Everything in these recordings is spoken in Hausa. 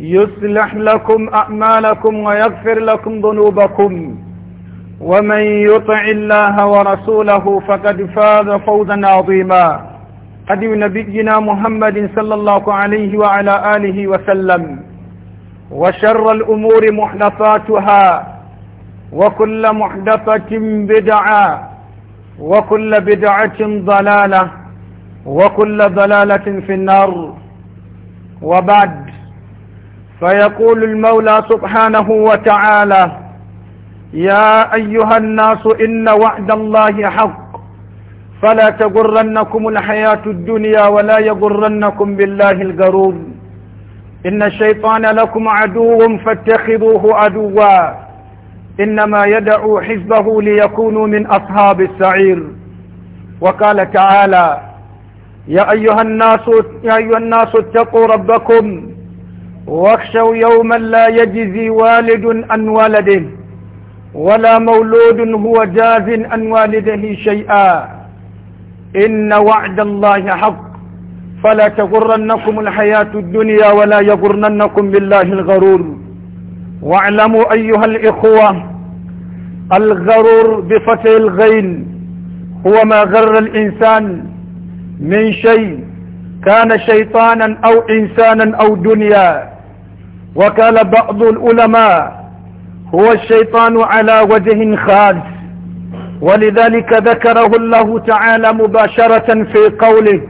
يصلح لكم أعمالكم ويغفر لكم ذنوبكم ومن يطع الله ورسوله فقد فاز فوزا عظيما قدم نبينا محمد صلى الله عليه وعلى آله وسلم وشر الأمور محدثاتها وكل محدثة بدعة وكل بدعة ضلالة وكل ضلالة في النار وبعد فيقول المولى سبحانه وتعالى يا أيها الناس إن وعد الله حق فلا تغرنكم الحياة الدنيا ولا يغرنكم بالله الغرور إن الشيطان لكم عدو فاتخذوه عدوا إنما يدعو حزبه ليكونوا من أصحاب السعير وقال تعالى يا أيها الناس يا أيها الناس اتقوا ربكم واخشوا يوما لا يجزي والد عن ولده ولا مولود هو جاز عن والده شيئا إن وعد الله حق فلا تغرنكم الحياة الدنيا ولا يغرنكم بالله الغرور واعلموا أيها الإخوة الغرور بفتح الغين هو ما غر الإنسان من شيء كان شيطانا أو إنسانا أو دنيا وقال بعض العلماء هو الشيطان على وجه خالص ولذلك ذكره الله تعالى مباشرة في قوله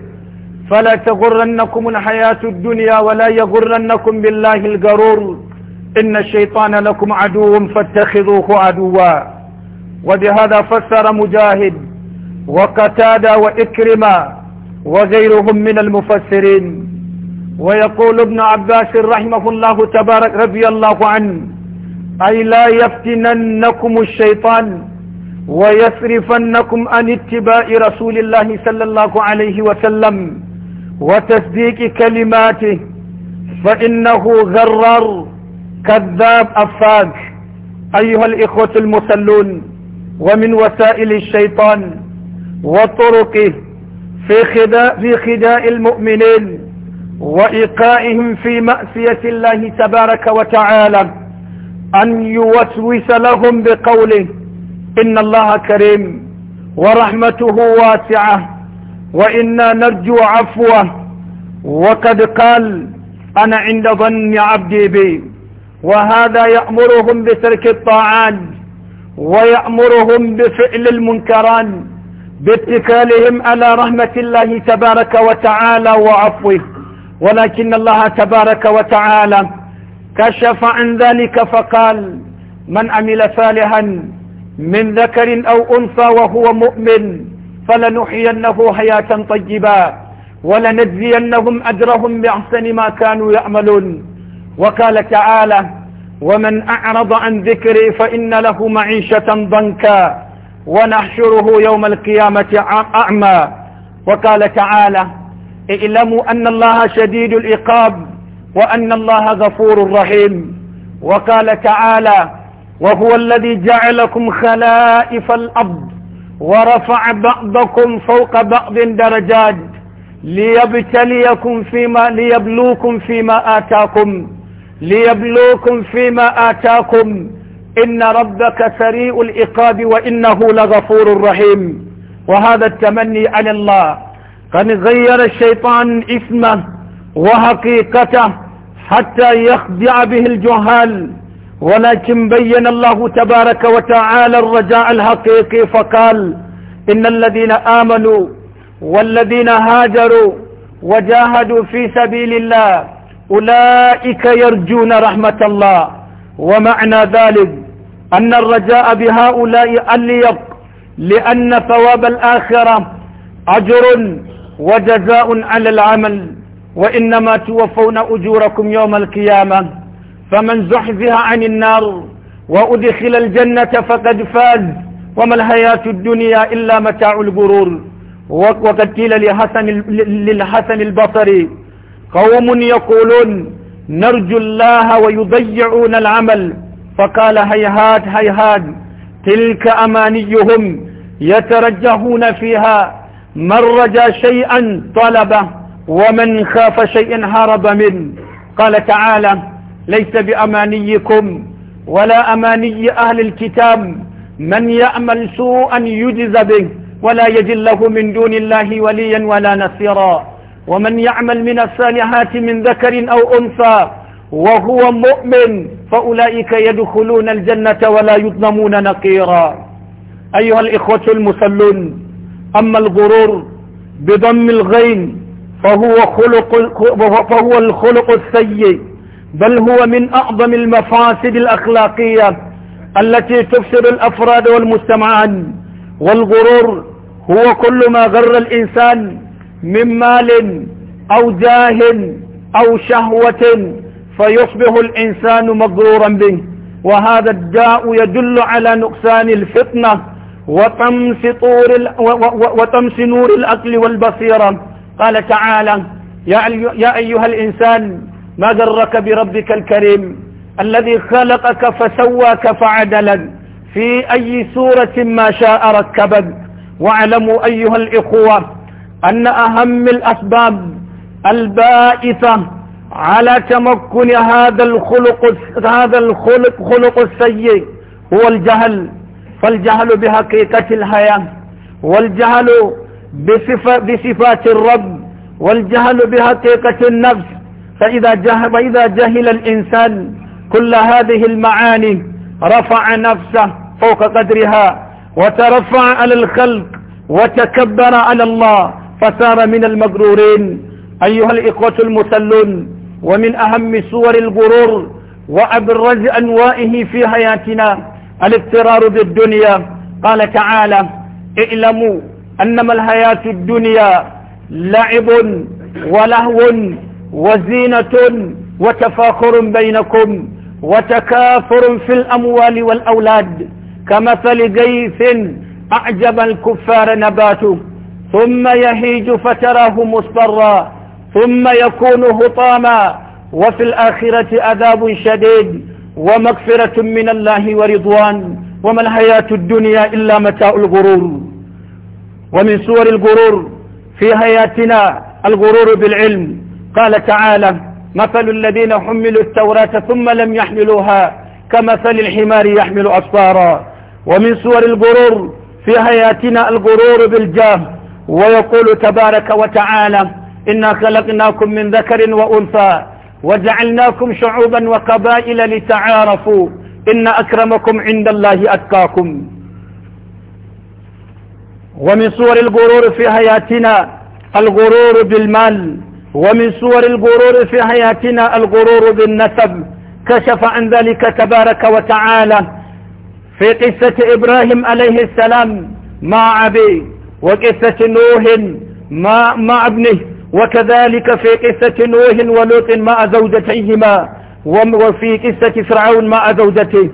فلا تغرنكم الحياة الدنيا ولا يغرنكم بالله الغرور إن الشيطان لكم عدو فاتخذوه عدوا وبهذا فسر مجاهد وقتادا وإكرما وغيرهم من المفسرين ويقول ابن عباس رحمه الله تبارك رضي الله عنه أي لا يفتننكم الشيطان ويصرفنكم عن اتباع رسول الله صلى الله عليه وسلم وتصديق كلماته فإنه غرر كذاب أفاق أيها الإخوة المسلون ومن وسائل الشيطان وطرقه في خداع, في المؤمنين وإيقائهم في مأسية الله تبارك وتعالى أن يوسوس لهم بقوله إن الله كريم ورحمته واسعة وإنا نرجو عفوه وقد قال أنا عند ظن عبدي بي وهذا يأمرهم بترك الطاعات ويأمرهم بفعل المنكران باتكالهم على رحمة الله تبارك وتعالى وعفوه ولكن الله تبارك وتعالى كشف عن ذلك فقال من عمل صالحا من ذكر أو أنثى وهو مؤمن فلنحيينه حياة طيبة ولنجزينهم أجرهم بأحسن ما كانوا يعملون وقال تعالى ومن أعرض عن ذكري فإن له معيشة ضنكا ونحشره يوم القيامة أعمى وقال تعالى اعلموا أن الله شديد العقاب وأن الله غفور رحيم وقال تعالى وهو الذي جعلكم خلائف الأرض ورفع بعضكم فوق بعض درجات ليبتليكم فيما ليبلوكم فيما آتاكم ليبلوكم فيما آتاكم إن ربك سريء العقاب وإنه لغفور رحيم وهذا التمني على الله قد غير الشيطان اسمه وحقيقته حتى يخدع به الجهال ولكن بين الله تبارك وتعالى الرجاء الحقيقي فقال إن الذين آمنوا والذين هاجروا وجاهدوا في سبيل الله أولئك يرجون رحمة الله ومعنى ذلك أن الرجاء بهؤلاء أليق لأن ثواب الآخرة أجر وجزاء على العمل وإنما توفون أجوركم يوم القيامة فمن زحزها عن النار وأدخل الجنة فقد فاز وما الحياة الدنيا إلا متاع الغرور وقد قيل لحسن للحسن البصري قوم يقولون نرجو الله ويضيعون العمل فقال هيهات هيهات تلك أمانيهم يترجحون فيها من رجا شيئا طلبه ومن خاف شيئا هرب منه قال تعالى ليس بأمانيكم ولا أماني أهل الكتاب من يأمل سوءا يجز به ولا يجل له من دون الله وليا ولا نصيرا ومن يعمل من الصالحات من ذكر أو أنثى وهو مؤمن فأولئك يدخلون الجنة ولا يظلمون نقيرا أيها الإخوة المسلون أما الغرور بضم الغين فهو, خلق فهو الخلق السيء بل هو من أعظم المفاسد الأخلاقية التي تفسد الأفراد والمجتمعان والغرور هو كل ما غر الإنسان من مال أو جاه أو شهوة فيصبح الإنسان مغرورا به وهذا الداء يدل على نقصان الفطنة وطمس, طور وطمس نور الأقل والبصيرة قال تعالى يا أيها الإنسان ما ذرك بربك الكريم الذي خلقك فسواك فعدلك في أي سورة ما شاء ركبك واعلموا أيها الإخوة أن أهم الأسباب البائثة على تمكن هذا الخلق هذا الخلق خلق السيء هو الجهل فالجهل بحقيقة الحياة والجهل بصفة بصفات الرب والجهل بحقيقة النفس فإذا جهل, فإذا جهل الإنسان كل هذه المعاني رفع نفسه فوق قدرها وترفع على الخلق وتكبر على الله فصار من المغرورين أيها الإخوة المسلون ومن أهم صور الغرور وأبرز أنوائه في حياتنا الاغترار بالدنيا قال تعالى اعلموا أنما الحياة الدنيا لعب ولهو وزينة وتفاخر بينكم وتكاثر في الأموال والأولاد كمثل جيف أعجب الكفار نباته ثم يهيج فتراه مصفرا ثم يكون هطاما وفي الآخرة عذاب شديد ومغفرة من الله ورضوان وما الحياة الدنيا إلا متاع الغرور ومن صور الغرور في حياتنا الغرور بالعلم قال تعالى مثل الذين حملوا التوراة ثم لم يحملوها كمثل الحمار يحمل أسفارا ومن صور الغرور في حياتنا الغرور بالجاه ويقول تبارك وتعالى إنا خلقناكم من ذكر وأنثى وجعلناكم شعوبا وقبائل لتعارفوا إن أكرمكم عند الله أتقاكم ومن صور الغرور في حياتنا الغرور بالمال ومن صور الغرور في حياتنا الغرور بالنسب كشف عن ذلك تبارك وتعالى في قصة إبراهيم عليه السلام مع أبيه وقصة نوح مع, مع ابنه وكذلك في قصة نوح ولوط مع زوجتيهما وفي قصة فرعون مع زوجته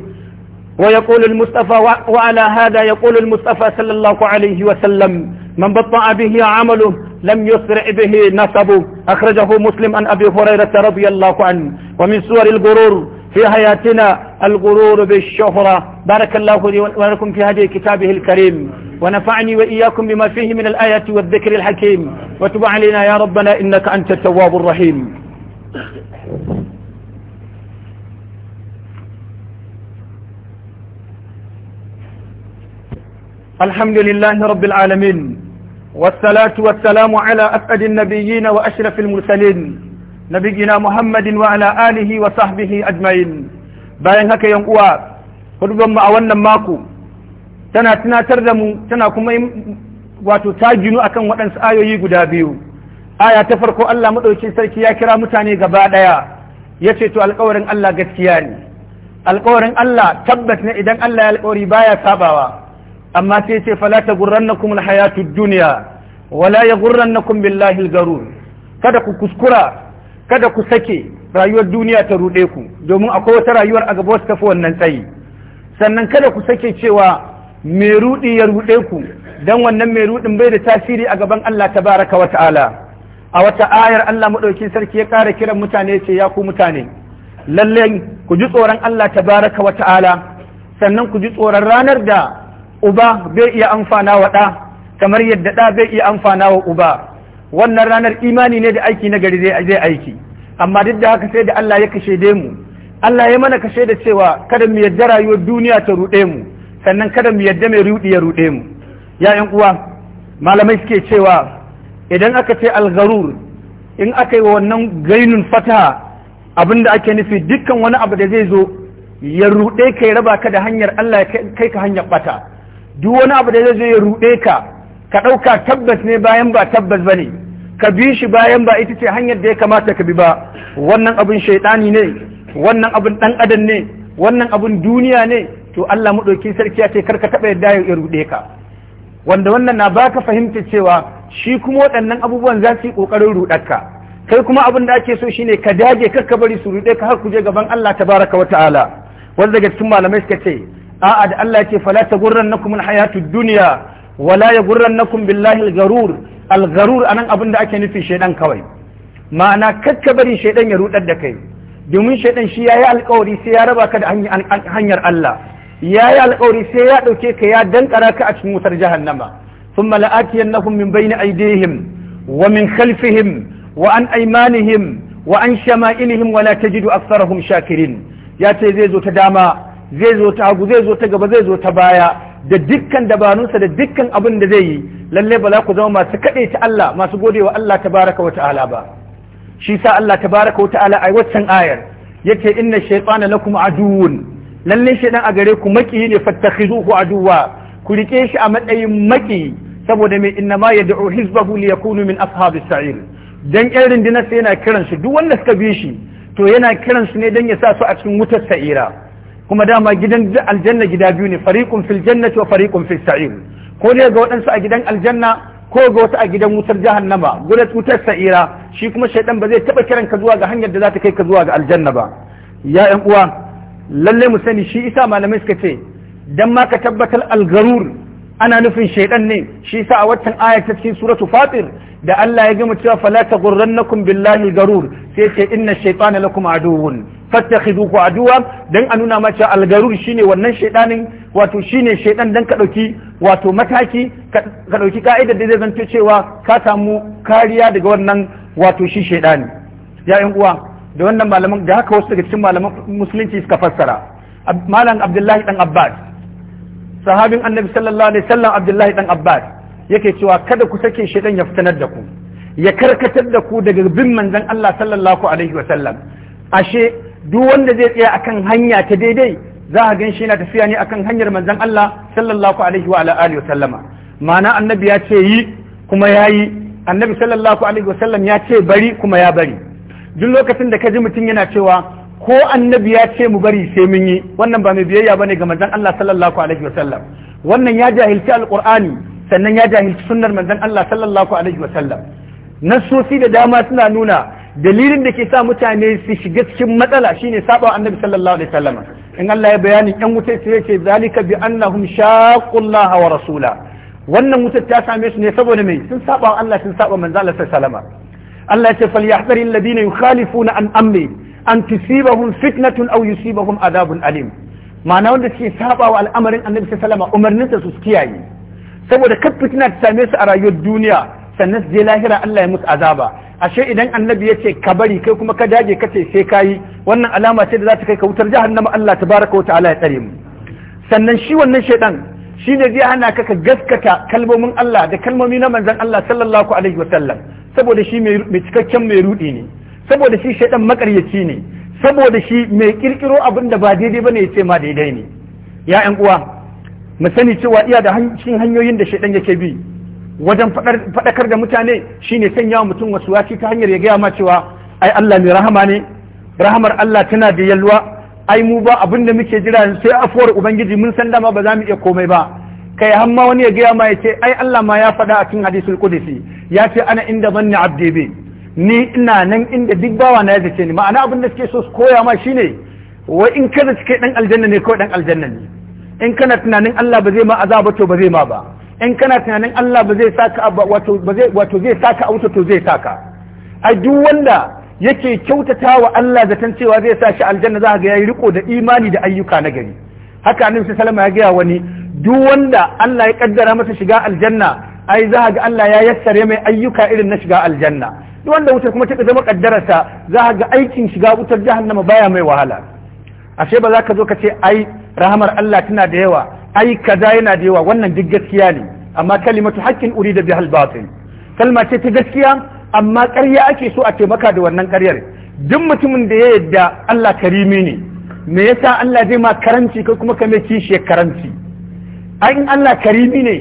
ويقول المصطفى وعلى هذا يقول المصطفى صلى الله عليه وسلم من بطأ به عمله لم يسرع به نسبه أخرجه مسلم عن أبي هريرة رضي الله عنه ومن سور الغرور في حياتنا الغرور بالشهرة بارك الله لي ولكم في هدي كتابه الكريم ونفعني وإياكم بما فيه من الآيات والذكر الحكيم وتب علينا يا ربنا إنك أنت التواب الرحيم الحمد لله رب العالمين والصلاة والسلام على أفأد النبيين وأشرف المرسلين nabiyina Muhammadin wa ala alihi wa sahbihi ajma'in bayan haka yan uwa hudubanmu a wannan mako tana tunatar da mu tana kuma wato ta ginu akan waɗansu ayoyi guda biyu aya ta farko Allah maɗauki sarki ya kira mutane gaba ɗaya ya ce to alƙawarin Allah gaskiya ne alƙawarin Allah tabbas ne idan Allah ya alƙawari baya sabawa amma sai ce fala ta gurrannakum alhayatud duniya wala ya gurran billahi algarur kada ku kuskura kada ku sake rayuwar duniya ta ruɗe ku domin akwai wata rayuwar a gaba fi wannan tsayi sannan kada ku sake cewa me ruɗi ya ruɗe ku dan wannan me ruɗin bai da tasiri a gaban Allah tabaraka wa ta'ala a wata ayar Allah maɗaukin sarki ya ƙara kiran mutane ce ya ku mutane lallai ku ji tsoron Allah tabaraka wa ta'ala sannan ku ji tsoron ranar da uba bai iya amfana wa ɗa kamar yadda ɗa bai iya amfana wa uba wannan ranar imani ne da aiki na gari zai aiki amma duk da haka sai da Allah ya kashe da mu Allah ya mana kashe da cewa kada mu yadda rayuwar duniya ta rude mu sannan kada mu yadda mai rudi ya rude mu ya uwa malamai suke cewa idan aka ce algarur in aka yi wannan gainun fataha abinda ake nufi dukkan wani abu da zai zo ya rude ka ya raba ka da hanyar Allah ya kai ka hanyar bata duk wani abu da zai zo ya rude ka ka ɗauka tabbas ne bayan ba tabbas ba ne ka bi shi bayan ba ita ce hanyar da ya kamata ka bi ba wannan abin shaiɗani ne wannan abin ɗan adam ne wannan abin duniya ne to Allah maɗauki sarki ya ce kar karka taɓa yadda ya ruɗe ka wanda wannan na baka fahimta cewa shi kuma waɗannan abubuwan za su yi ƙoƙarin ruɗar ka kai kuma abin da ake so shine ka dage ka bari su rude ka har ku je gaban Allah tabaraka wa ta'ala wanda daga cikin malamai suka ce a'a da Allah ya ce fala tagurrannakum alhayatud duniya. wala ya billahi na gharur al-gharur anan abin da ake nufi shaidan kawai ma'ana kakka bari shaidan ya rudar da kai domin shaidan shi yayi alkawari sai ya raba ka da hanyar Allah yayi alkawari sai ya dauke ka ya dankara ka a cikin wutar jahannama thumma la'atiyannahum min bayni aydihim wa min khalfihim wa an aymanihim wa an shama'ilihim wa la tajidu aktharahum shakirin ya ce zai zo ta dama zai zo ta hagu zai zo ta gaba zai zo ta baya da dukkan dabarunsa da dukkan abin da zai yi lalle ba za ku zama masu kaɗe ta Allah masu wa Allah tabaraka wa ta'ala ba shi sa Allah tabaraka wa ta'ala a waccan ayar yace inna shaytana lakum aduwwun lalle shaytan a gare ku maki ne fattakhizuhu aduwa ku rike shi a matsayin maki saboda mai inna ma yad'u hizbahu liyakunu min ashabis sa'ir dan ƴan rundunar sai yana kiran su duk wanda suka bi shi to yana kiran su ne dan ya sa su a cikin wutar sa'ira kuma dama gidan aljanna gida biyu ne fariqun fil jannati wa fariqun fis sa'ir ko ne ga a gidan aljanna ko ga wata a gidan wutar jahannama gudan wutar sa'ira shi kuma shaidan ba zai taba kiran ka zuwa ga hanyar da za ta kai ka zuwa ga aljanna ba ya yan uwa lalle mu sani shi isa malamai suka ce dan ma ka tabbatar algarur ana nufin shaidan ne shi sa a watan ayat ta cikin suratu fatir da Allah ya gama cewa fala taghurrannakum billahi garur sai ce inna shaytana lakum aduwwun fattakhidhu ku aduwa dan a nuna maka algarur shine wannan shaydanin wato shine shaydan dan ka dauki wato mataki ka dauki ka'idar da zai zanto cewa ka samu kariya daga wannan wato shi shaydani ya yan uwa da wannan malaman da haka wasu daga cikin malaman musulunci suka fassara malam abdullahi dan abbas sahabin annabi sallallahu alaihi wasallam abdullahi dan abbas yake cewa kada ku sake shaydan ya fitanar da ku ya karkatar da ku daga bin manzon Allah sallallahu alaihi wasallam ashe duk wanda zai tsaya akan hanya ta daidai za a ganshi yana tafiya ne akan hanyar manzon Allah sallallahu alaihi wa alihi wa sallama ma'ana annabi ya ce yi kuma ya yi annabi sallallahu alaihi wa sallam ya ce bari kuma ya bari duk lokacin da ka ji mutum yana cewa ko annabi ya ce mu bari sai mun yi wannan ba mai biyayya bane ga manzon Allah sallallahu alaihi wa sallam wannan ya jahilci alqur'ani sannan ya jahilci sunnar manzon Allah sallallahu alaihi wa sallam fi da dama suna nuna dalilin da ke sa mutane su shiga cikin matsala shine saba annabi sallallahu alaihi wasallam in Allah ya bayani yan wuta sai ce zalika bi annahum shaqullaha wa rasula wannan wutar ta same su ne saboda mai sun saba Allah sun saba manzo Allah sallallahu alaihi Allah ya ce falyahtari alladhina yukhalifuna an amri an tusibahum fitnatun aw yusibahum adabun alim ma'ana wanda suke saba wa al'amarin annabi sallallahu alaihi umarninsa su kiyaye saboda kar fitina ta same su a rayuwar duniya sannan su je lahira Allah ya musu azaba ashe idan annabi ya ce ka bari kai kuma ka dage ka ce sai ka yi wannan alama ce da za ta kai ka wutar jahannama Allah ta baraka wa ta'ala ya tsare mu sannan shi wannan shaidan shi ne zai hana ka ka gaskata kalmomin Allah da kalmomi na manzon Allah sallallahu alaihi wa sallam saboda shi mai cikakken mai rudi ne saboda shi shaidan makaryaci ne saboda shi mai kirkiro abin da ba daidai bane ya ce ma daidai ne ya ƴan uwa mu sani cewa iya da cikin hanyoyin da shaidan yake bi wajen faɗakar da mutane shine sanya wa mutum wasu wasi ta hanyar ya gaya ma cewa ai Allah ne rahama ne rahamar Allah tana da yalwa ai mu ba abin da muke jira sai afuwar ubangiji mun san dama ba za mu iya komai ba kai hamma wani ya gaya ma ya ce ai Allah ma ya faɗa a cikin hadisul qudsi ya ce ana inda manni abdi bi ni ina nan inda duk bawa na ya ce ni ma'ana abin da suke so su koya ma shine wai in kada cike ɗan dan aljanna ne kawai dan aljanna ne in kana tunanin Allah ba zai ma azaba to ba zai ma ba in kana tunanin Allah ba zai saka wato ba zai saka auto to zai saka ai duk wanda yake kyautata wa Allah zaton cewa zai sa shi aljanna za ga yayi riko da imani da ayyuka na gari haka annabi wasallam ya gaya wani duk wanda Allah ya kaddara masa shiga aljanna ai za ga Allah ya yassare mai ayyuka irin na shiga aljanna duk wanda wuta kuma ta zama kaddararsa za ga aikin shiga wutar jahannama baya mai wahala ashe ba za ka zo ka ce ai rahamar Allah tana da yawa ai kaza yana da yawa wannan duk gaskiya ne amma kalimatu haqqin urida bihal batin kalma ce ta gaskiya amma ƙarya ake so a taimaka da wannan ƙaryar duk mutumin da ya yadda Allah karimi ne me yasa Allah zai ma karanci kai kuma ka mai kishi karanci ai in Allah karimi ne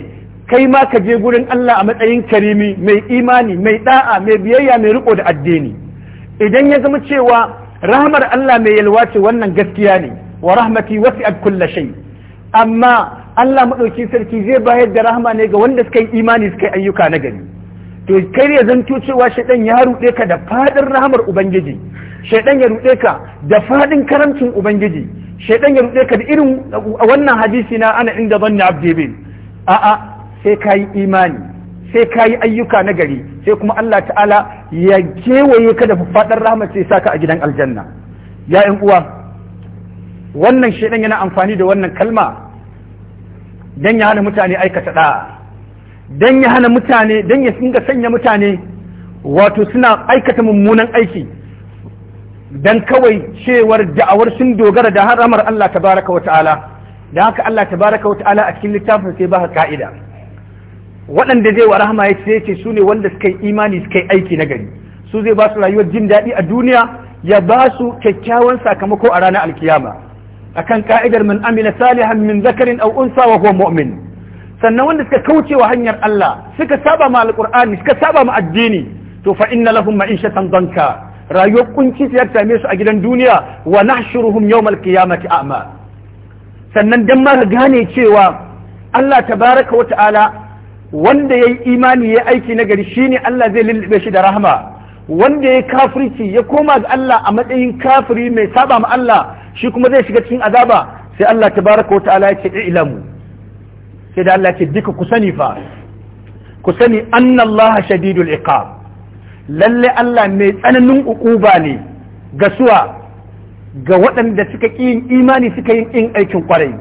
kai ma ka je gurin Allah a matsayin karimi mai imani mai ɗa'a, mai biyayya mai riko da addini idan ya zama cewa rahmar Allah mai yalwa ce wannan gaskiya ne wa rahmati wasi'at kulla shay' amma Allah maɗauki sarki zai bayar da rahama ne ga wanda suka yi imani suka yi ayyuka na gari to kai zan zanto cewa shaidan ya ruɗe ka da faɗin rahamar ubangiji shaidan ya ruɗe ka da faɗin karamcin ubangiji shaidan ya ruɗe ka da irin wannan hadisi na ana inda zanna abdibin a'a sai ka yi imani sai ka yi ayyuka na gari sai kuma Allah ta'ala ya kewaye ka da faɗin rahamar sai ka a gidan aljanna ya uwa wannan shi yana amfani da wannan kalma don ya hana mutane aikata ɗa don ya hana mutane don ya singa sanya mutane wato suna aikata mummunan aiki don kawai cewar da'awar sun dogara da haramar Allah Ta baraka wata'ala da haka Allah Ta tabaraka wata'ala a cikin littafin sai ba ka'ida waɗanda zai wa rahama ya ce su ne wanda suka yi imani suka yi aiki na gari su zai ba su rayuwar jin daɗi a duniya ya ba su kyakkyawan sakamako a ranar alkiyama akan ka'idar man amila salihan min zakarin aw unsa wa huwa mu'min sannan wanda suka kauce wa hanyar Allah suka saba ma alqur'ani suka saba ma addini to fa inna lahum ma'ishatan danka rayuwar kunci ta same su a gidan duniya wa nahshuruhum yawmal qiyamati a'ma sannan dan ma gane cewa Allah tabaraka wa ta'ala wanda yayi imani yayi aiki nagari shine Allah zai lullube shi da rahama wanda ya kafirci ya koma ga Allah a matsayin kafiri mai saba ma Allah shi kuma zai shiga cikin azaba sai Allah tabaraka wa ta'ala ya ce ilamu sai da Allah ya ce duka ku sani fa ku sani annallaha shadidul iqab lalle Allah mai tsananin ukuba ne ga suwa ga waɗanda suka yin imani suka yin in aikin kwarai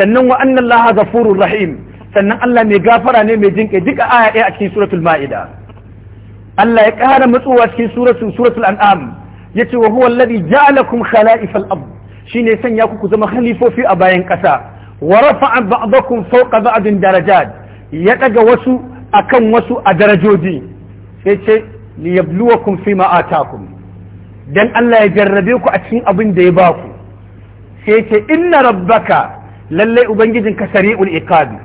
sannan wa annallaha ghafurur rahim sannan Allah mai gafara ne mai jinƙe duka aya ɗaya a cikin suratul ma'ida Allah ya ƙara matsowa cikin suratul suratul an'am yace wa huwa alladhi ja'alakum khala'ifal ard Shi ne sanya ku ku zama halifofi a bayan ƙasa wa rafa'a ba'dakum fawqa ba'din darajat ya ɗaga wasu akan wasu a darajoji sai ce kun fi ma atakum dan Allah ya jarrabe ku a cikin abin da ya ba ku sai ce inna rabbaka lallai ubangijin sari'ul iqabi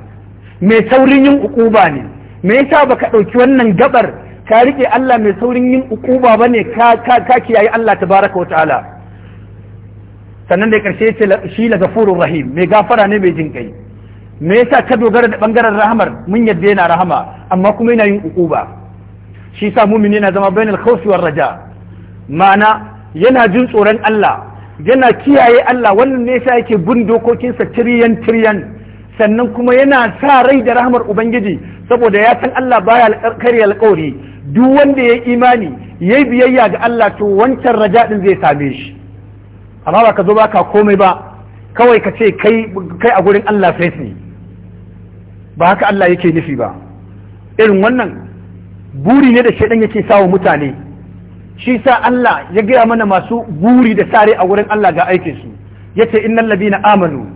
mai saurin yin ukuba ne me yasa baka ɗauki wannan gabar ka riƙe Allah mai saurin yin ukuba bane ne? ka kiyaye Allah tabaraka wa ta'ala sannan da karshe ce shi la gafurur rahim mai gafara ne mai jin kai me yasa ka dogara da bangaren rahamar mun yadda yana rahama amma kuma yana yin ukuba shi yasa mu'mini yana zama bainal khawfi war raja ma'ana yana jin tsoron Allah yana kiyaye Allah wannan ne yasa yake bin dokokinsa tiriyan tiriyan sannan kuma yana sa rai da rahamar ubangiji saboda ya san Allah baya karya alƙawari duk wanda ya imani yayi biyayya ga Allah to wancan raja din zai same shi amma ba ka zo ba ka komai ba kawai ka ce kai a gurin Allah face ne ba haka Allah yake nufi ba irin wannan buri ne da shaidan yake sawa mutane shi sa Allah ya gaya mana masu buri da sare a wurin Allah ga aikin su yace innal ladina amanu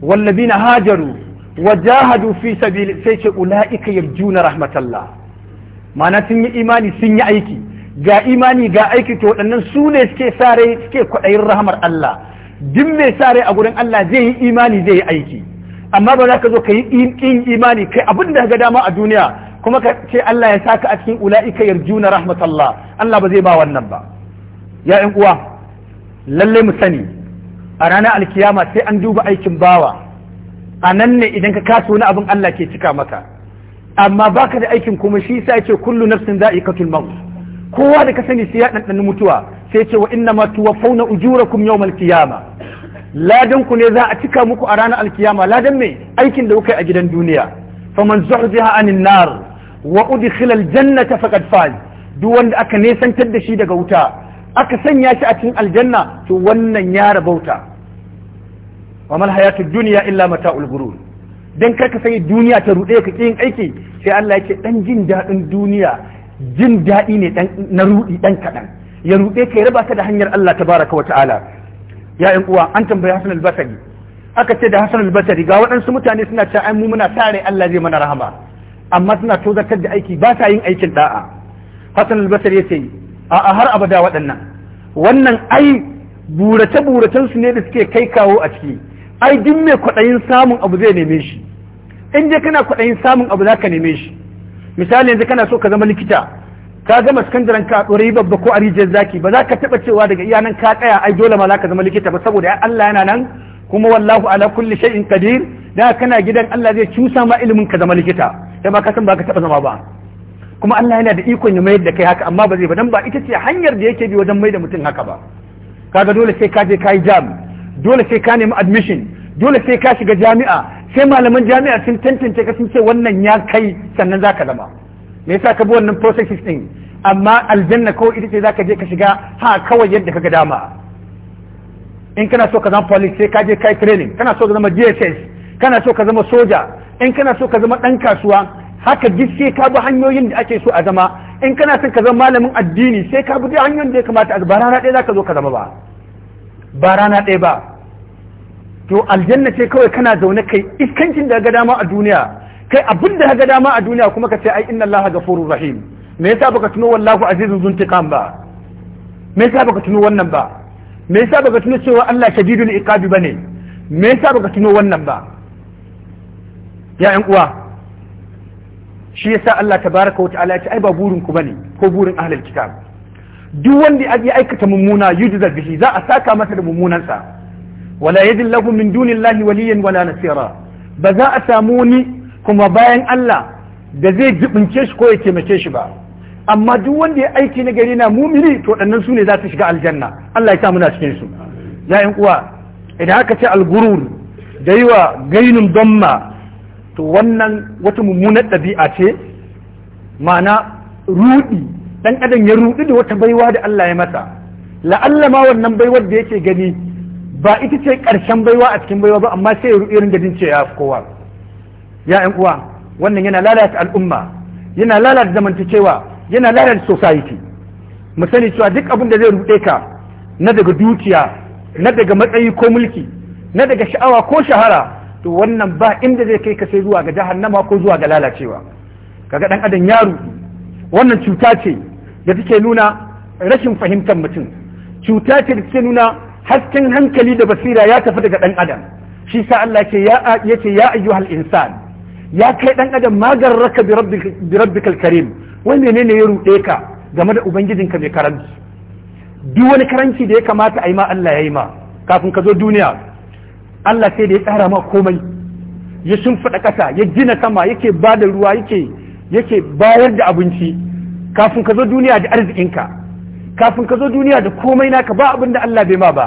wal ladina hajaru wajahadu fi sabili sai ce ulaika yarjuna rahmatallah ma'ana sun yi imani sun yi aiki ga imani ga aiki to waɗannan su ne suke sare suke kwaɗayin rahamar Allah duk mai sare a gurin Allah zai yi imani zai yi aiki amma ba za ka zo ka yi in imani kai abin da ga dama a duniya kuma ka ce Allah ya saka a cikin ula'ika yarjuna rahmatallah Allah ba zai ba wannan ba ya ƴan uwa lalle mu sani a ranar alkiyama sai an duba aikin bawa a nan ne idan ka kaso na abin Allah ke cika maka amma baka da aikin kuma shi sa ce kullu nafsin za'iqatul maut kowa da ka sani sai ya mutuwa sai ce wa inna ma ujura kum yau malkiyama ladan ku ne za a cika muku a ranar alkiyama ladan me aikin da kuka yi a gidan duniya faman zuhziha anin nar wa udkhila ta faqad faz duk wanda aka nesantar da shi daga wuta aka sanya shi a cikin aljanna to wannan ya rabauta wa mal hayatud dunya illa mata'ul ghurur dan kar ka sani duniya ta rude ka yin aiki sai Allah yake dan jin dadin duniya jin daɗi ne na ruɗi ɗan kaɗan ya ruɗe ka ya raba ta da hanyar Allah ta baraka wa ta'ala ya ƴan uwa an tambayi Hassan al-Basri aka ce da Hassan al-Basri ga waɗansu mutane suna ta ai mu muna tare Allah zai mana rahama amma suna tozartar da aiki ba sa yin aikin da'a Hassan al-Basri ya ce a har abada waɗannan wannan ai burace buracensu ne da suke kai kawo a ciki ai duk mai kwaɗayin samun abu zai neme shi in je kana kwaɗayin samun abu za ka neme shi misali yanzu kana so ka zama likita ka gama sakandaren ka ɗorayi babba ko a rijiyar zaki ba za ka taɓa cewa daga iya nan ka tsaya ai dole ma za ka zama likita ba saboda Allah yana nan kuma wallahu ala kulli shay'in qadir da kana gidan Allah zai cusa ma ilimin ka zama likita sai ba ka san ba ka taɓa zama ba kuma Allah yana da ikon ya mayar da kai haka amma ba zai ba dan ba ita ce hanyar da yake bi wajen mai da mutum haka ba kaga dole sai ka je ka yi jam dole sai ka nemi admission dole sai ka shiga jami'a sai malaman jami'a sun tantance ka sun ce wannan ya kai sannan za ka zama me yasa ka bi wannan processes din amma aljanna kawai ita ce za ka je ka shiga ha kawai yadda ka ga dama in kana so ka zama police sai ka je kai training kana so ka zama DSS kana so ka zama soja in kana so ka zama dan kasuwa haka duk sai ka bi hanyoyin da ake so a zama in kana son ka zama malamin addini sai ka bi hanyoyin da ya kamata a ba rana ɗaya ka zo ka zama ba ba rana ɗaya ba to aljanna ce kawai kana zaune kai iskancin da ga dama a duniya kai abin da ga dama a duniya kuma ka ce ai inna allaha ghafurur rahim me yasa baka tuno wallahu azizun zuntiqam ba me yasa baka tuno wannan ba me yasa baka tuno cewa Allah shadidul iqabi bane me yasa baka tuno wannan ba ya ƴan uwa shi yasa Allah tabaraka wa ta'ala ya ce ai ba burin ku bane ko burin ahlul kitab duk wanda ya aikata mummuna yujza bihi za a saka masa da mummunan sa wala yajid lahum min dunillahi waliyan wala nasira ba za a samu wani kuma bayan Allah da zai jibince shi ko ya taimake shi ba amma duk wanda ya aiki na gari na mumini to dannan su ne za su shiga aljanna Allah ya samu muna cikin su ya uwa idan aka ce algurur da yi wa gainin donma to wannan wata mummunar ɗabi'a ce ma'ana rudi ɗan adam ya rudi da wata baiwa da Allah ya masa la'alla ma wannan baiwar da yake gani ba ita ce ƙarshen baiwa a cikin baiwa ba amma sai ya irin gadin ce ya kowa ya uwa wannan yana lalata al'umma yana lalata zamantakewa yana lalata society mu sani cewa duk abin da zai ruɗe ka na daga dukiya na daga matsayi ko mulki na daga sha'awa ko shahara to wannan ba inda zai kai ka sai zuwa ga jahannama ko zuwa ga lalacewa kaga dan adam ya wannan cuta ce da take nuna rashin fahimtar mutum cuta ce da take nuna hasken hankali da basira ya tafi daga ɗan adam shi sa Allah ce ya ce ya ayyuhal insan ya kai ɗan adam magar bi bi rabbikal karim wai menene ya rude ka game da ubangijinka mai karanci duk wani karanci da ya kamata a yi ma Allah ya yi ma kafin ka zo duniya Allah sai da ya tsara ma komai ya shimfiɗa ƙasa ya gina sama yake ba ruwa yake yake bayar da abinci kafin ka zo duniya da arzikinka kafin ka zo duniya da komai naka ba abin da Allah bai ma ba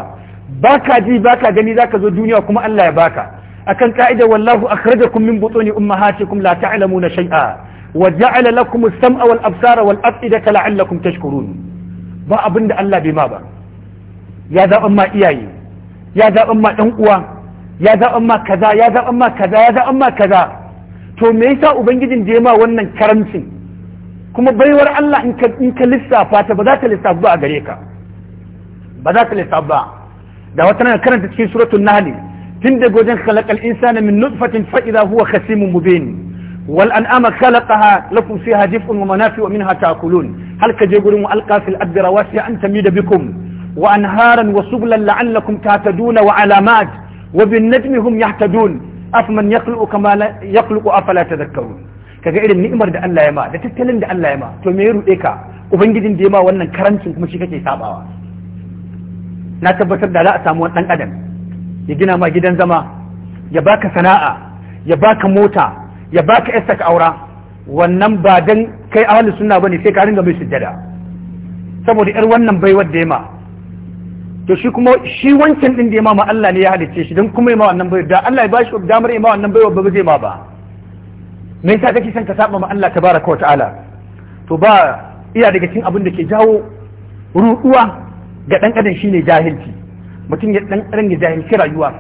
ba baka ji ka gani za ka zo duniya kuma Allah ya baka akan ka'ida wallahu kun min buto ne butuni ummahatikum la ta'lamuna shay'a wa ja'ala lakum as-sam'a wal absara wal af'idata la'allakum tashkurun ba abin da Allah bai ma ba ya zaban ma iyaye ya zaban ma ɗan uwa ya zaban ma kaza ya zaban ma kaza ya zaban ma kaza to me yasa ubangijin da ya ma wannan karamcin kuma baiwar Allah in ka lissafa ta ba za ta lissafa a gare ka ba za ta lissafa ba da wata nan karanta cikin suratul nahl tun da gojen khalaqal insana min nutfatin fa idha huwa khasimun mubin wal an'ama khalaqaha lakum fiha dif'un wa manafi wa minha ta'kulun hal ka je gurin alqa fil ardi rawasi an tamida bikum wa anharan wa sublan la'allakum tahtaduna wa alamat wa bin najmi hum yahtadun afman yakhluqu kama yakhluqu afala tadhakkarun kaga irin ni'imar da Allah ya ma da tattalin da Allah ya ma to me ya ruɗe ka ubangijin da ya ma wannan karancin kuma shi kake sabawa na tabbatar da za a samu wannan adam ya gina ma gidan zama ya baka sana'a ya baka mota ya baka yasta ka aura wannan ba dan kai ahli sunna bane sai ka ringa mai sujjada saboda yar wannan baiwar da ya ma to shi kuma shi wancan din da ya ma Allah ne ya halicce shi dan kuma ya ma wannan baiwar da Allah ya bashi damar ya ma wannan baiwar ba zai ma ba me yasa kake son ka saba ma Allah tabaraka wa ta'ala to ba iya daga cikin abin da ke jawo ruɗuwa ga ɗan adam shine jahilci mutum ya ɗan jahilci rayuwa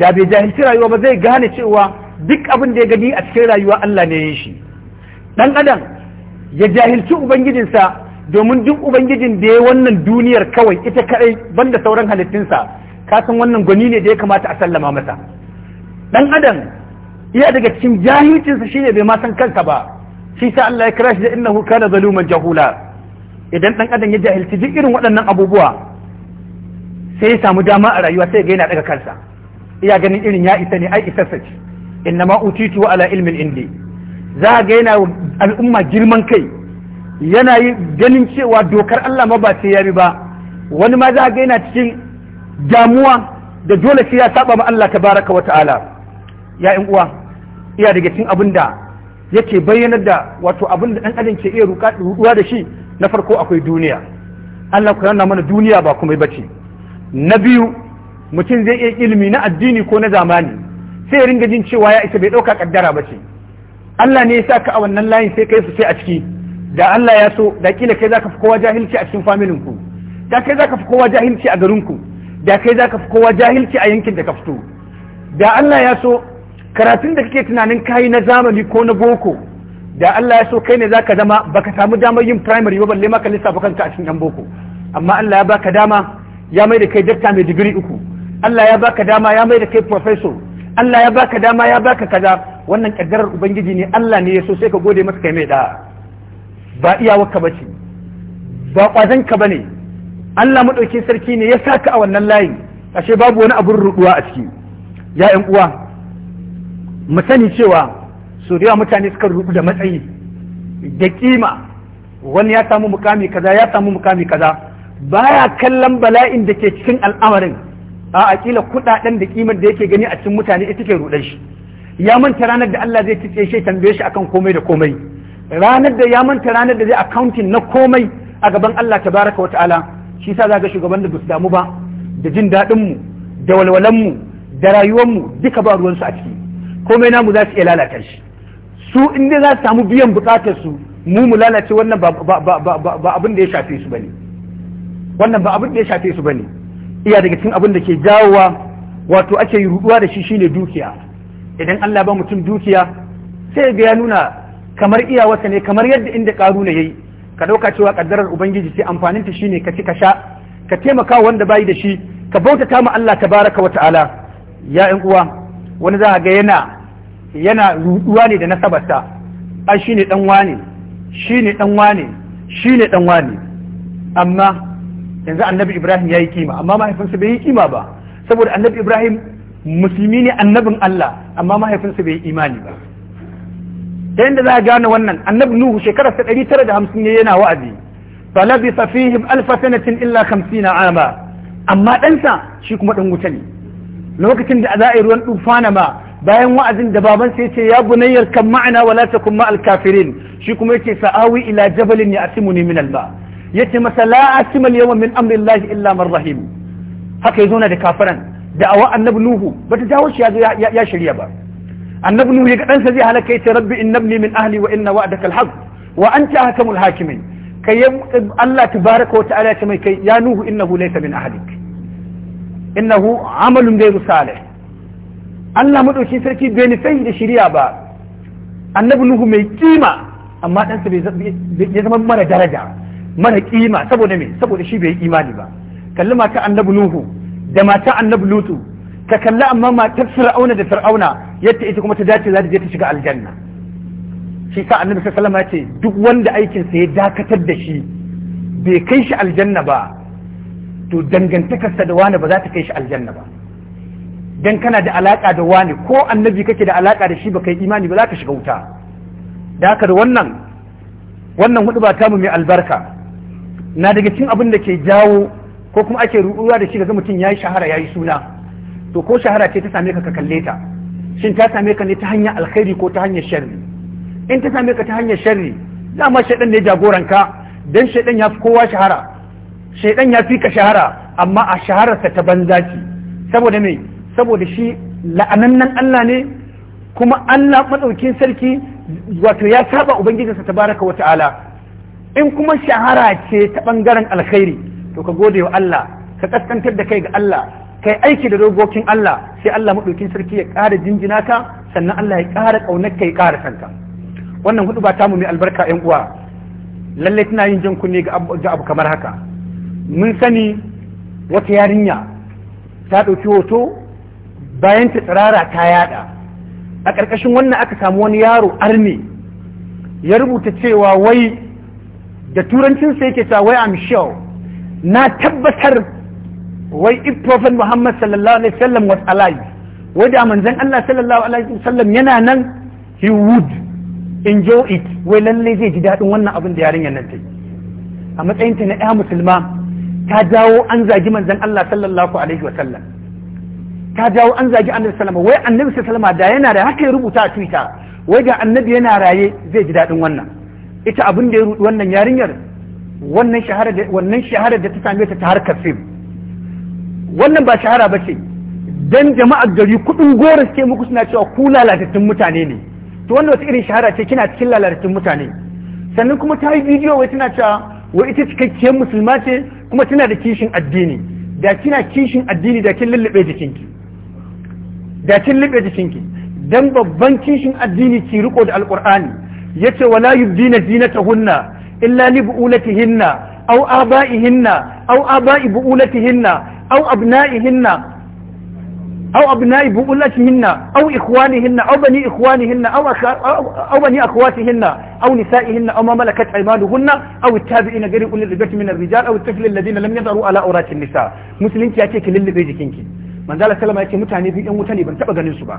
da bai jahilci rayuwa ba zai gane cewa duk abin da ya gani a cikin rayuwa Allah ne ya shi ɗan adam ya jahilci ubangijinsa domin duk ubangijin da ya wannan duniyar kawai ita kaɗai banda sauran halittunsa ka san wannan gwani ne da ya kamata a sallama masa ɗan adam iya daga cikin jahilcinsa shine bai ma san kanka ba shi sa Allah ya kira shi da innahu kana zaluman jahula idan dan adam ya jahilci duk irin waɗannan abubuwa sai ya samu dama a rayuwa sai ga yana daga kansa iya ganin irin ya isa ne ai isa sace innama utitu ala ilmin indi za ga yana al'umma girman kai yana yi ganin cewa dokar Allah ma ba sai ya yi ba wani ma za ga yana cikin damuwa da dole sai ya saba ma Allah tabaraka wa ta'ala ya uwa iya daga cin abin da yake bayyanar da wato abin da ɗan adam ke iya ruɗuwa da shi na farko akwai duniya Allah ku yana mana duniya ba kuma bace na biyu mutum zai iya ilimi na addini ko na zamani sai ya ringa jin cewa ya isa bai ɗauka kaddara bace Allah ne ya sa ka a wannan layin sai kai su sai a ciki da Allah ya so da kila kai zaka fi kowa jahilci a cikin familin ku da kai zaka fi kowa jahilci a garin ku da kai zaka fi kowa jahilci a yankin da ka fito da Allah ya so karatun da kake tunanin kayi na zamani ko na boko da Allah ya so kai ne zaka zama baka samu damar yin primary ba balle maka lissafa kanka a cikin boko amma Allah ya baka dama ya mai da kai dakta mai digiri uku Allah ya baka dama ya mai da kai professor Allah ya baka dama ya baka kaza wannan kaddarar ubangiji ne Allah ne ya so sai ka gode masa kai mai da ba iyawarka bace ba kwazanka bane Allah madaukin sarki ne ya saka a wannan layin ashe babu wani abun ruduwa a ciki ya yan uwa mu sani cewa su da mutane suka rubu da matsayi da kima wani ya samu mukami kaza ya samu mukami kaza baya kallon bala'in da ke cikin al'amarin a akila kuɗaɗen da kimar da yake gani a cikin mutane ita ke rudan shi ya manta ranar da Allah zai tice shi tambaye shi akan komai da komai ranar da ya manta ranar da zai accounting na komai a gaban Allah tabaraka wata'ala shi sa zaga shugaban da su damu ba da jin daɗin mu da walwalan mu da rayuwar mu duka ba ruwan su a ciki komai namu za su iya lalata shi su inda za su samu biyan bukatar su mu mu lalace wannan ba abin da ya shafe su bane wannan ba abin da ya shafe su bane iya daga cikin abin da ke jawowa wato ake yi ruduwa da shi shine dukiya idan Allah ba mutum dukiya sai ga ya nuna kamar iya wasa ne kamar yadda inda karuna yayi ka dauka cewa kaddarar ubangiji sai amfanin ta shine ka ci ka sha ka taimaka wanda bayi da shi ka bautata ma Allah tabaraka wa ta'ala ya Ya'yan uwa wani za a ga yana yana ruduwa ne da nasabarta a shi ne ɗanwa wane shi ne ɗanwa wane shi ne ɗanwa wane amma yanzu annabi ibrahim ya yi kima amma mahaifinsa bai yi kima ba saboda annabi ibrahim musulmi ne annabin allah amma mahaifinsa bai yi imani ba ta yadda za a gane wannan annabi nuhu shekarar ta ɗari tara da hamsin ne yana wa'azi falabisa fihim alfa sanatin illa kamsina ama amma ɗansa shi kuma ɗan wuta ne lokacin da za a yi ruwan tufana ma bayan wa'azin da baban sai ce ya bunayyar kan ma'ana wala ta kuma kafirin shi kuma yake sa'awi ila jabalin ya asimuni min alba yace masa la asima al min amri llahi illa man rahim haka yazo na da kafiran da awa annabi nuhu bata jawo shi ya shirya ba annabi nuhu ya ga dan sa zai halaka yace rabbi innabni min ahli wa inna wa'daka alhaq wa anta ahkamul hakimin kai Allah tabaraka wa ta'ala ya mai kai ya nuhu innahu laysa min ahlik inna innahu amalun ghayru salih Allah maɗauki sarki bai nufai da shirya ba annabi nuhu mai kima amma ɗansa bai zama mara daraja mara kima saboda me saboda shi bai imani ba kalli mata annabi nuhu da mata annabi lutu ka kalli amma matar fir'auna da fir'auna yadda ita kuma ta dace za ta je ta shiga aljanna shi sa annabi sallallahu ya ce duk wanda aikinsa ya dakatar da shi bai kai shi aljanna ba to dangantakarsa da wani ba za ta kai shi aljanna ba dan kana da alaka da wani ko annabi kake da alaka da shi ba kai imani ba za ka shiga wuta da haka da wannan wannan hudu ba tamu mai albarka na daga cikin abin da ke jawo ko kuma ake ruɗuwa da shi ga mutum yayi shahara yayi suna to ko shahara ce ta same ka ka kalle ta shin ta same ka ne ta hanyar alkhairi ko ta hanyar sharri in ta same ka ta hanyar sharri dama shaidan ne jagoranka dan shaidan ya fi kowa shahara shaidan ya fi ka shahara amma a shahararsa ta banza ce saboda me saboda shi la'anannan Allah ne kuma Allah madaukin sarki wato ya saba ubangijinsa tabaraka wa ta'ala in kuma shahara ce ta bangaren alkhairi to ka gode wa Allah ka kaskantar da kai ga Allah kai aiki da dogokin Allah sai Allah madaukin sarki ya ƙara jinjina ka sannan Allah ya ƙara kaunar ka ya ƙara sanka wannan hudu ba mu mai albarka yan uwa lallai tana yin jan kunne ga abu kamar haka mun sani wata yarinya ta ɗauki hoto bayan ta tsirara ta yada a ƙarƙashin wannan aka samu wani yaro arne ya rubuta cewa wai da turancin sai yake cewa wai am shaw na tabbatar wai if prophet muhammad sallallahu alaihi wasallam was alive wai da manzon Allah sallallahu alaihi wasallam yana nan he would enjoy it wai lalle zai ji daɗin wannan abin da yarinyar nan ta a matsayinta na ɗaya musulma Ta jawo an zagi manzon Allah sallallahu alaihi wa sallam Ta jawo an zagi annabi sallama wai annabi sallama da yana da haka ya rubuta a twitter wai ga annabi yana raye zai ji daɗin wannan ita abin da ya rudu wannan yarinyar wannan shahara da wannan shahara da ta same ta ta harkar fim wannan ba shahara ba ce dan jama'ar gari kudin goro suke muku suna cewa ku lalatattun mutane ne to wannan wata irin shahara ce kina cikin lalatattun mutane sannan kuma ta yi bidiyo wai tana cewa wa ita cikakkiyar musulma ce kuma tana da kishin addini da kina kishin addini da kin lullube jikinki da kin lullube jikinki dan babban kishin addini ki riko da alqur'ani yace wala yubdina zinatahunna illa li bu'ulatihinna aw aba'ihinna aw aba'i bu'ulatihinna aw abna'ihinna أو أبناء بؤلتهن أو إخوانهن أو بني إخوانهن أو, أخ... أو... أو بني أخواتهن أو نسائهن أو ما ملكت أيمانهن أو التابعين غير أولي الربة من الرجال أو الطفل الذين لم يظهروا على أورات النساء مسلمك يا كيك للي من ذلك سلم يا mutane biyu ɗan wuta ne ban taɓa ganin su ba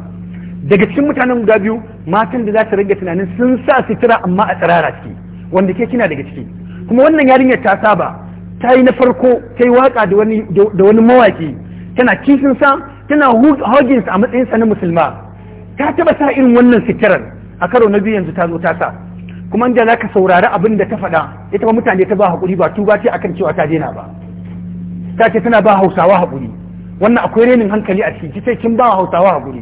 daga cikin mutanen guda biyu matan da za su rage tunanin sun sa sutura amma a tsirara ciki wanda ke kina daga ciki kuma wannan yarinyar ta saba ta yi na farko ta yi waka da wani mawaki tana kishin sa tana Huggins a matsayin sa na musulma ta taba sa irin wannan sitirar a karo na biyu yanzu ta zo ta sa kuma inda za ka saurari abin da ta faɗa ita ba mutane ta ba haƙuri ba tuba ce akan cewa ta daina ba ta ce tana ba hausawa hakuri wannan akwai renin hankali a ciki sai kin ba hausawa haƙuri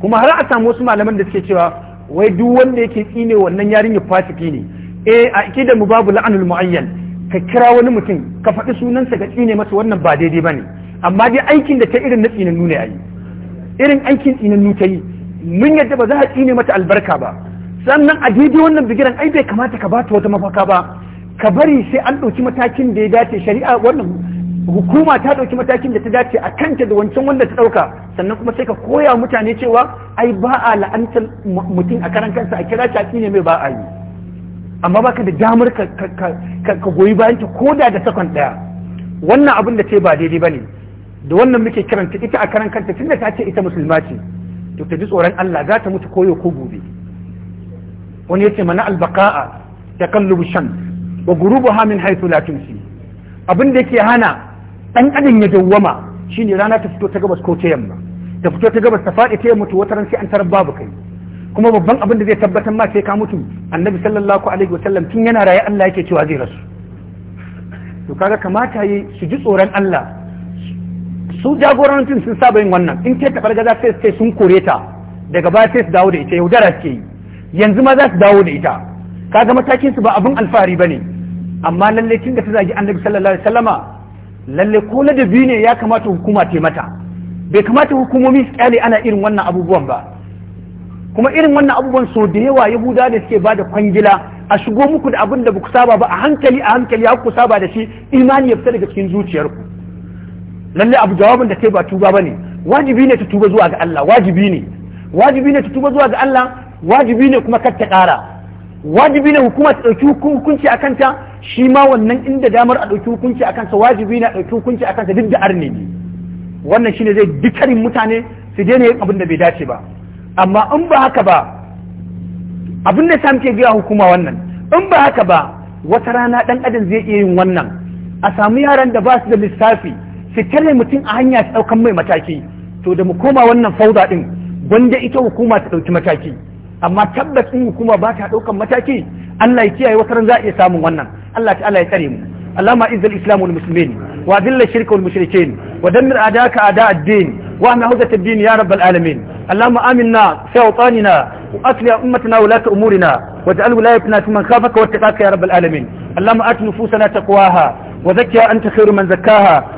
kuma har a samu wasu malaman da suke cewa wai duk wanda yake tsine wannan yarinyar fasiki ne eh a da mu babu la'anul mu'ayyan ka kira wani mutum ka faɗi sunansa ka tsine masa wannan ba daidai bane amma dai aikin da ta irin na tsinannu ne yayi irin aikin tsinannu ta yi mun yadda ba za a tsine mata albarka ba sannan a daidai wannan bigiran ai bai kamata ka bata wata mafaka ba ka bari sai an ɗauki matakin da ya dace shari'a wannan hukuma ta ɗauki matakin da ta dace a kanta da wancan wanda ta ɗauka sannan kuma sai ka koya mutane cewa ai ba a la'antar mutum a karan kansa a kira shi a tsine mai ba a yi amma baka da damar ka goyi bayan ta koda da sakon ɗaya wannan abin da ce ba daidai ba ne da wannan muke kiranta ita a karan kanta tunda ta ce ita musulma ce to ta ji tsoron Allah za ta mutu koyo ko gobe wani yace mana albaqa'a taqallubu shan, wa ghurubuha min haythu la tumsi abin da yake hana dan adam ya dawwama shine rana ta fito ta gabas ko ta yamma ta fito ta gabas ta faɗi ta yamma to wata sai an tarar babu kai kuma babban abin da zai tabbatar ma sai ka mutu annabi sallallahu alaihi wa sallam tun yana raye Allah yake cewa zai rasu to kaga kamata yi su ji tsoron Allah su jagorancin sun saba yin wannan in ke tabar gaza sai sai sun kore ta daga baya sai su dawo da ita yaudara suke yi yanzu ma za su dawo da ita kaga matakin su ba abin alfahari ne. amma lalle tun da ta zagi annabi sallallahu alaihi wasallama lalle ko ladabi ne ya kamata hukuma ta mata bai kamata hukumomi su kyale ana irin wannan abubuwan ba kuma irin wannan abubuwan so da yawa yahuda da suke ba da kwangila a shigo muku da abin da ba ku saba ba a hankali a hankali ya ku saba da shi imani ya fita daga cikin zuciyarku lalle abu jawabin da kai ba tuba bane wajibi ne ta tuba zuwa ga Allah wajibi ne wajibi ne ta tuba zuwa ga Allah wajibi ne kuma kar ta ƙara wajibi ne hukuma ta ɗauki hukunci a kanta shi ma wannan inda damar a ɗauki hukunci a kansa wajibi ne a ɗauki hukunci a kansa duk da arne ne wannan shine zai dikarin mutane su daina yin abin da bai dace ba amma in ba haka ba abin da sam ke gaya hukuma wannan in ba haka ba wata rana ɗan adam zai iya yin wannan a samu yaran da ba su da lissafi fitar da mutum a hanya ta ɗaukan mai mataki to da mu koma wannan fauda ɗin wanda ita hukuma ta ɗauki mataki amma tabbas in hukuma ba ta ɗaukan mataki Allah ya kiyaye wasu ran za iya samun wannan Allah ta ya tsare mu Allahumma izzil islam wal muslimin wa dhilla shirka wal mushrikeen wa dammir adaka ada ad-din wa ana hudat ad-din ya rabbal alamin Allahumma aminna shaytanina wa asli ummatina wa lat umurina wa ja'al wilayatina fi man khafaka wa ittaqaka Ati rabbal alamin Allahumma at nufusana taqwaha وزكها أنت خير من زكاها